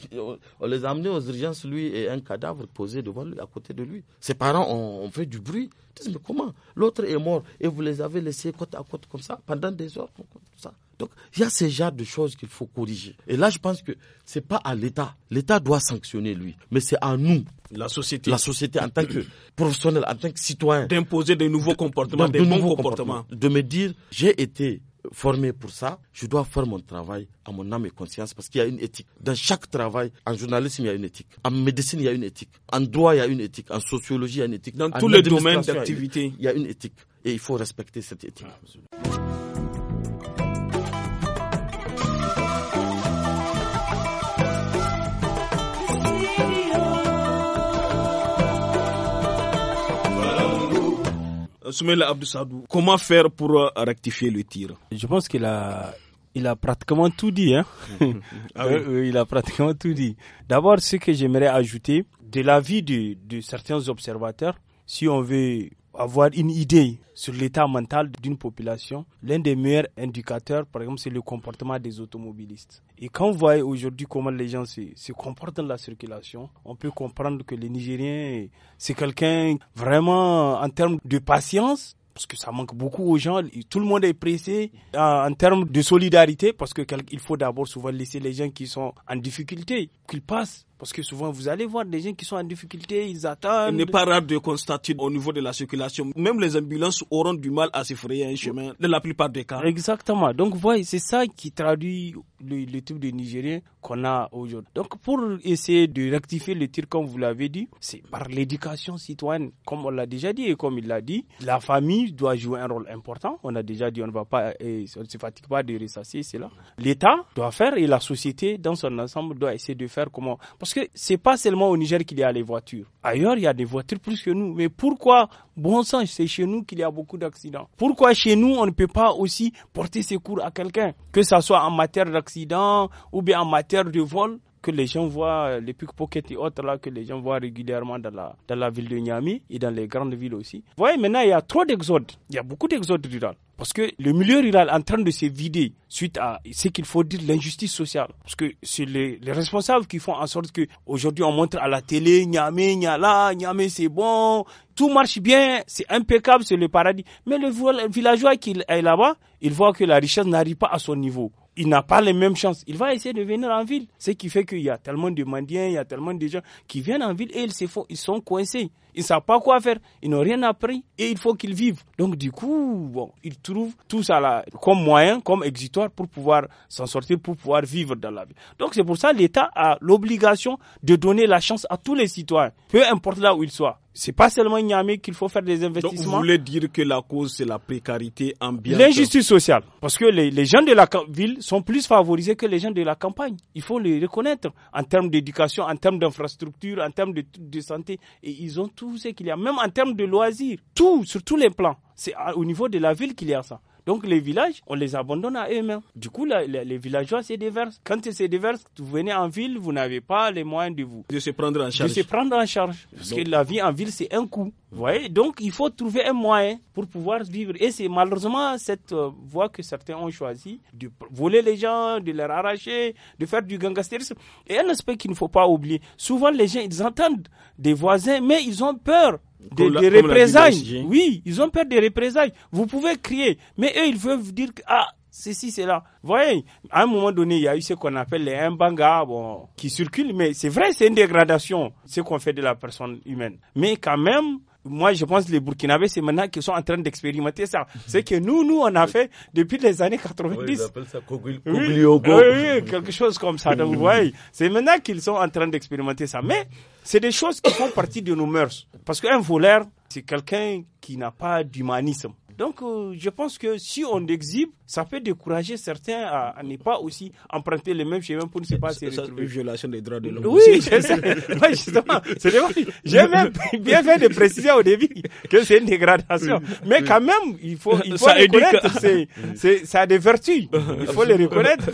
on les a amenés aux urgences, lui, et un cadavre posé devant lui, à côté de lui. Ses parents ont, fait du bruit. Ils disent, mais comment L'autre est mort et vous les avez laissés côte à côte comme ça pendant des heures. Comme ça. Donc, il y a ces genres de choses qu'il faut corriger. Et là, je pense que ce n'est pas à l'État. L'État doit sanctionner lui, mais c'est à nous. La société. La société en tant que professionnel, en tant que citoyen. D'imposer des nouveaux comportements, de, des nouveaux comportements. De me dire, j'ai été formé pour ça, je dois faire mon travail à mon âme et conscience parce qu'il y a une éthique. Dans chaque travail, en journalisme, il y a une éthique. En médecine, il y a une éthique. En droit, il y a une éthique. En sociologie, il y a une éthique. Dans tous les domaines d'activité. Il y a une éthique. Et il faut respecter cette éthique. Ah, comment faire pour euh, rectifier le tir Je pense qu'il a il a pratiquement tout dit. Hein. Ah euh, il a pratiquement tout dit. D'abord, ce que j'aimerais ajouter, de l'avis de certains observateurs, si on veut avoir une idée sur l'état mental d'une population, l'un des meilleurs indicateurs, par exemple, c'est le comportement des automobilistes. Et quand on voit aujourd'hui comment les gens se, se, comportent dans la circulation, on peut comprendre que les Nigériens, c'est quelqu'un vraiment en termes de patience, parce que ça manque beaucoup aux gens. Tout le monde est pressé euh, en, termes de solidarité parce que il faut d'abord souvent laisser les gens qui sont en difficulté qu'ils passent. Parce que souvent, vous allez voir des gens qui sont en difficulté, ils attendent. Il n'est pas rare de constater au niveau de la circulation, même les ambulances auront du mal à se frayer un chemin, dans la plupart des cas. Exactement. Donc, voyez, c'est ça qui traduit le, le type de Nigérien qu'on a aujourd'hui. Donc, pour essayer de rectifier le tir, comme vous l'avez dit, c'est par l'éducation citoyenne, comme on l'a déjà dit et comme il l'a dit, la famille doit jouer un rôle important. On a déjà dit on ne va pas, et on ne se fatigue pas de ressasser cela. L'État doit faire et la société dans son ensemble doit essayer de faire comment. Parce que c'est pas seulement au Niger qu'il y a les voitures. Ailleurs, il y a des voitures plus que nous. Mais pourquoi, bon sang, c'est chez nous qu'il y a beaucoup d'accidents Pourquoi chez nous, on ne peut pas aussi porter secours à quelqu'un Que ce soit en matière d'accident ou bien en matière de vol que les gens voient, euh, les pickpockets et autres là, que les gens voient régulièrement dans la, dans la ville de Niamey et dans les grandes villes aussi. Vous voyez, maintenant, il y a trop d'exodes. Il y a beaucoup d'exodes rurales. Parce que le milieu rural est en train de se vider suite à ce qu'il faut dire l'injustice sociale. Parce que c'est les, responsables qui font en sorte que aujourd'hui on montre à la télé Niamey, Niala, Niamey c'est bon, tout marche bien, c'est impeccable, c'est le paradis. Mais le villageois qui est là-bas, il voit que la richesse n'arrive pas à son niveau il n'a pas les mêmes chances. Il va essayer de venir en ville. Ce qui fait qu'il y a tellement de mendiants, il y a tellement de gens qui viennent en ville et ils, se font, ils sont coincés ils ne savent pas quoi faire, ils n'ont rien appris et il faut qu'ils vivent. Donc du coup, bon, ils trouvent tout ça comme moyen, comme exitoire pour pouvoir s'en sortir, pour pouvoir vivre dans la vie. Donc c'est pour ça l'État a l'obligation de donner la chance à tous les citoyens, peu importe là où ils soient. C'est pas seulement Niamey qu'il faut faire des investissements. Donc vous voulez dire que la cause c'est la précarité ambiante. L'injustice sociale, parce que les, gens de la ville sont plus favorisés que les gens de la campagne. Il faut les reconnaître en termes d'éducation, en termes d'infrastructure, en termes de, de santé, et ils ont tout savez qu'il y a, même en termes de loisirs, tout, sur tous les plans. C'est au niveau de la ville qu'il y a ça. Donc les villages, on les abandonne à eux-mêmes. Du coup, la, les villageois c'est divers. Quand c'est divers, vous venez en ville, vous n'avez pas les moyens de vous. De se prendre en charge. De se prendre en charge. Parce que la vie en ville, c'est un coup. Vous voyez Donc il faut trouver un moyen pour pouvoir vivre. Et c'est malheureusement cette euh, voie que certains ont choisi de voler les gens, de les arracher, de faire du gangsterisme. Et un aspect qu'il ne faut pas oublier, souvent les gens, ils entendent des voisins, mais ils ont peur des, représailles. Oui, ils ont peur des représailles. Vous pouvez crier, mais eux, ils veulent dire que, ah, ceci, cela. là voyez, à un moment donné, il y a eu ce qu'on appelle les mbanga, qui circulent, mais c'est vrai, c'est une dégradation, ce qu'on fait de la personne humaine. Mais quand même, moi, je pense que les Burkinabés, c'est maintenant qu'ils sont en train d'expérimenter ça. C'est que nous, nous, on a fait depuis les années 90. Oui, ils appellent ça Kogul, oui, quelque chose comme ça. Donc, c'est maintenant qu'ils sont en train d'expérimenter ça. Mais c'est des choses qui font partie de nos mœurs. Parce qu'un voleur, c'est quelqu'un qui n'a pas d'humanisme. Donc, euh, je pense que si on exhibe, ça peut décourager certains à, ne pas aussi emprunter les mêmes chemins pour ne pas se retrouver. violation des droits de l'homme. Oui, je sais. j'ai même bien fait de préciser au début que c'est une dégradation. Mais quand même, il faut, il faut ça reconnaître. ça a des vertus. Il faut les reconnaître.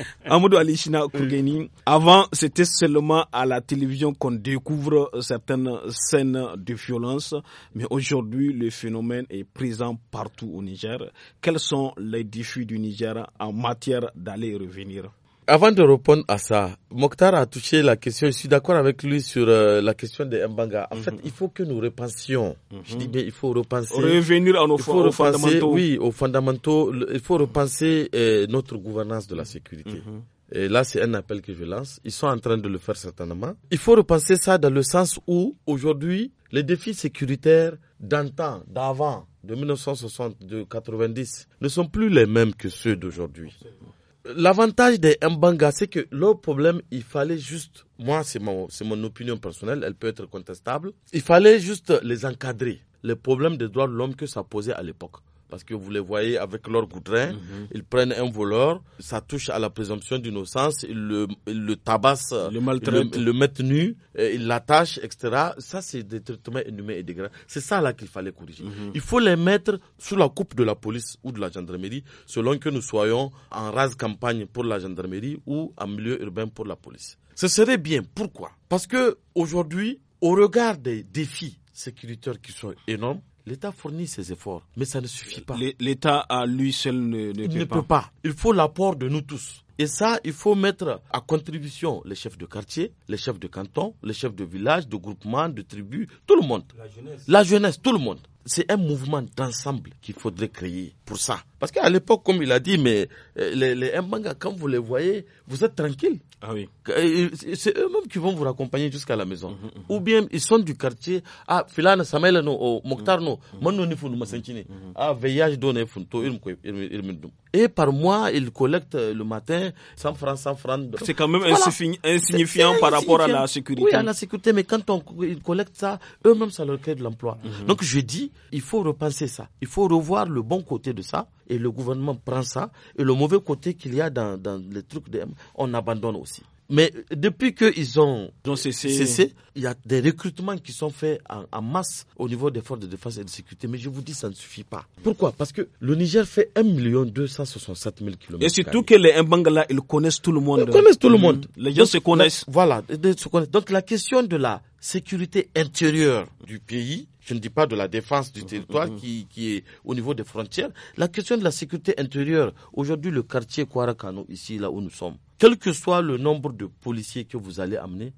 Amadou Ali Kougeni, avant, c'était seulement à la télévision qu'on découvre certaines scènes de violence. Mais aujourd'hui, le phénomène est présent partout au Niger. Quels sont les défis du Niger en matière d'aller et revenir avant de répondre à ça, Mokhtar a touché la question, je suis d'accord avec lui sur euh, la question de Mbanga. En fait, mhm. il faut que nous repensions. Mhm. Je dis bien, il faut repenser. Revenir à fondamentaux. Oui, aux fondamentaux. Il faut repenser euh, notre gouvernance de la sécurité. Mhm. Et là, c'est un appel que je lance. Ils sont en train de le faire certainement. Il faut repenser ça dans le sens où, aujourd'hui, les défis sécuritaires d'antan, d'avant, de 1960, de 90, ne sont plus les mêmes que ceux d'aujourd'hui. L'avantage des Mbanga, c'est que leur problème, il fallait juste, moi c'est mon, mon opinion personnelle, elle peut être contestable, il fallait juste les encadrer, les problèmes des droits de l'homme que ça posait à l'époque parce que vous les voyez avec leur goudrin, mhm. ils prennent un voleur, ça touche à la présomption d'innocence, ils le, le tabassent, le ils, le, mettent nu, ils l'attachent, etc. Ça, c'est des traitements inhumains et dégradants. C'est ça là qu'il fallait corriger. Mhm. Il faut les mettre sous la coupe de la police ou de la gendarmerie, selon que nous soyons en rase campagne pour la gendarmerie ou en milieu urbain pour la police. Ce serait bien. Pourquoi Parce que aujourd'hui, au regard des défis sécuritaires qui sont énormes, L'État fournit ses efforts, mais ça ne suffit pas. L'État à lui seul ne, ne, peut, pas. peut pas. Il faut l'apport de nous tous. Et ça, il faut mettre à contribution les chefs de quartier, les chefs de canton, les chefs de village, de groupement, de tribu, tout le monde. La jeunesse. La jeunesse, tout le monde. C'est un mouvement d'ensemble qu'il faudrait créer pour ça. Parce qu'à l'époque, comme il a dit, mais euh, les, les Mbanga, quand vous les voyez, vous êtes tranquille. Ah oui. Euh, c'est eux-mêmes qui vont vous raccompagner jusqu'à la maison. Mmh, mmh, mmh. Ou bien ils sont du quartier. Ah, filan Samel no, oh, no, manu ni Ah, veillage donne to Et par mois, ils collectent euh, le matin 100 francs, 100 francs. C'est quand même insignifiant par rapport à la sécurité. Oui, à la sécurité, mais quand on, ils collectent ça, eux-mêmes, ça leur crée de l'emploi. Donc je dis, il faut repenser ça. Il faut revoir le bon côté de ça et le gouvernement prend ça, et le mauvais côté qu'il y a dans, dans les trucs de on abandonne aussi. Mais depuis qu'ils ont, ont cessé. il y a des recrutements qui sont faits en, masse au niveau des forces de défense et de sécurité. Mais je vous dis, ça ne suffit pas. Pourquoi Parce que le Niger fait 1 267 000 km. Et surtout que les Mbangala, ils connaissent tout le monde. Ils connaissent tout le monde. Mhm. Les gens se connaissent. voilà, Donc la question de la sécurité intérieure du pays je ne dis pas de la défense du territoire qui, est au niveau des frontières, la question de la sécurité intérieure. Aujourd'hui, le quartier Kouarakano, ici, là où nous sommes, quel que soit le nombre de policiers que vous allez amener,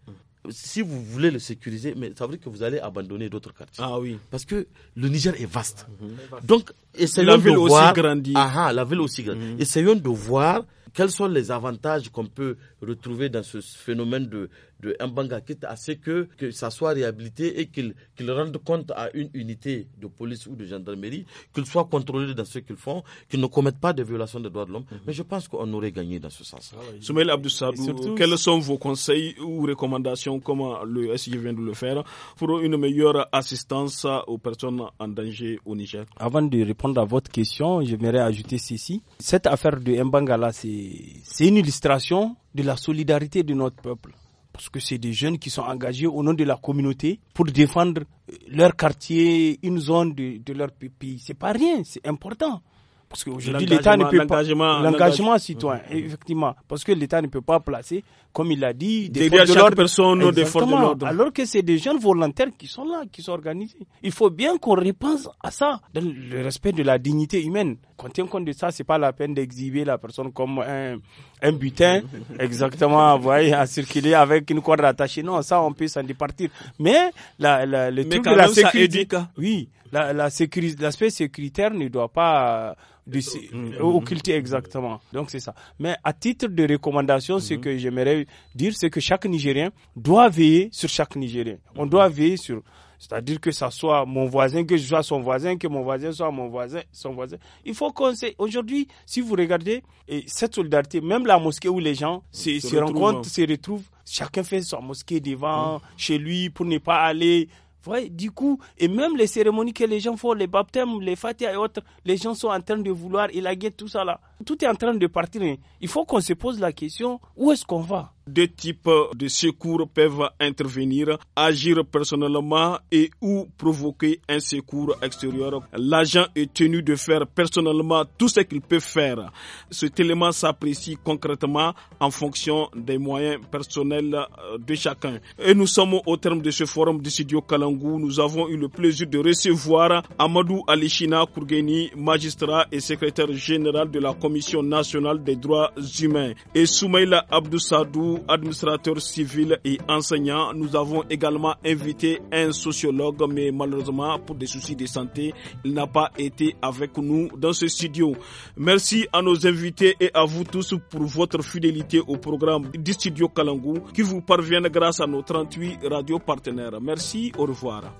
si vous voulez le sécuriser, mais ça veut dire que vous allez abandonner d'autres quartiers. Ah oui. Parce que le Niger est vaste. Mhm. Donc, essayons la ville aussi grandit. Ah, la ville aussi grandit. Essayons de voir quels sont les avantages qu'on peut retrouver dans ce phénomène de de Mbanga, quitte à ce que, que ça soit réhabilité et qu'il qu'il rende compte à une unité de police ou de gendarmerie, qu'il soit contrôlé dans ce qu'ils font, qu'ils ne commettent pas de violations des droits de l'homme. Mhm. Mais je pense qu'on aurait gagné dans ce sens. Ah là. quels sont vos conseils ou recommandations, comment le SG vient de le faire, pour une meilleure assistance aux personnes en danger au Niger Avant de répondre à votre question, j'aimerais ajouter ceci. Cette affaire de Mbanga, c'est une illustration de la solidarité de notre peuple parce que c'est des jeunes qui sont engagés au nom de la communauté pour défendre euh, leur quartier, une zone de, leur pays. C'est pas rien, c'est important. Parce qu'aujourd'hui, l'État ne peut pas. L'engagement citoyen, mm. effectivement. Parce que l'État ne peut pas placer comme il l'a dit, des Derrière de Alors que c'est des jeunes volontaires qui sont là, qui sont organisés. Il faut bien qu'on repense à ça, dans le respect de la dignité humaine. Quand on compte de ça, c'est pas la peine d'exhiber la personne comme un, un butin, exactement, voyez, à circuler avec une corde attachée. Non, ça, on peut s'en départir. Mais la, le truc de la sécurité, oui, la, sécurité, l'aspect sécuritaire ne doit pas euh, mm-hmm. occulter exactement. Donc c'est ça. Mais à titre de recommandation, ce mm-hmm. que j'aimerais dire, c'est que chaque Nigérien doit veiller sur chaque Nigérien. On doit veiller sur, c'est-à-dire que ça soit mon voisin, que je sois son voisin, que mon voisin soit mon voisin, son voisin. Il faut qu'on sait. Aujourd'hui, si vous regardez et cette solidarité, même la mosquée où les gens se, rencontrent, hein. se retrouvent, chacun fait sa mosquée devant, hein. chez lui, pour ne pas aller. Ouais, du coup, et même les cérémonies que les gens font, les baptêmes, les fatias et autres, les gens sont en train de vouloir élaguer tout ça là. Tout est en train de partir. Il faut qu'on se pose la question, où est-ce qu'on va Deux types de secours peuvent intervenir, agir personnellement et ou provoquer un secours extérieur. L'agent est tenu de faire personnellement tout ce qu'il peut faire. Cet élément s'apprécie concrètement en fonction des moyens personnels euh, de chacun. Et nous sommes au terme de ce forum du studio Kalangou. Nous avons eu le plaisir de recevoir Amadou Alishina Kourgeni, magistrat et secrétaire général de la Commission nationale des droits humains. Et Soumaïla Abdou administrateur civil et enseignant, nous avons également invité un sociologue, mais malheureusement, pour des soucis de santé, il n'a pas été avec nous dans ce studio. Merci à nos invités et à vous tous pour votre fidélité au programme du studio Kalangou qui vous parvient grâce à nos 38 radios partenaires. Merci, au revoir.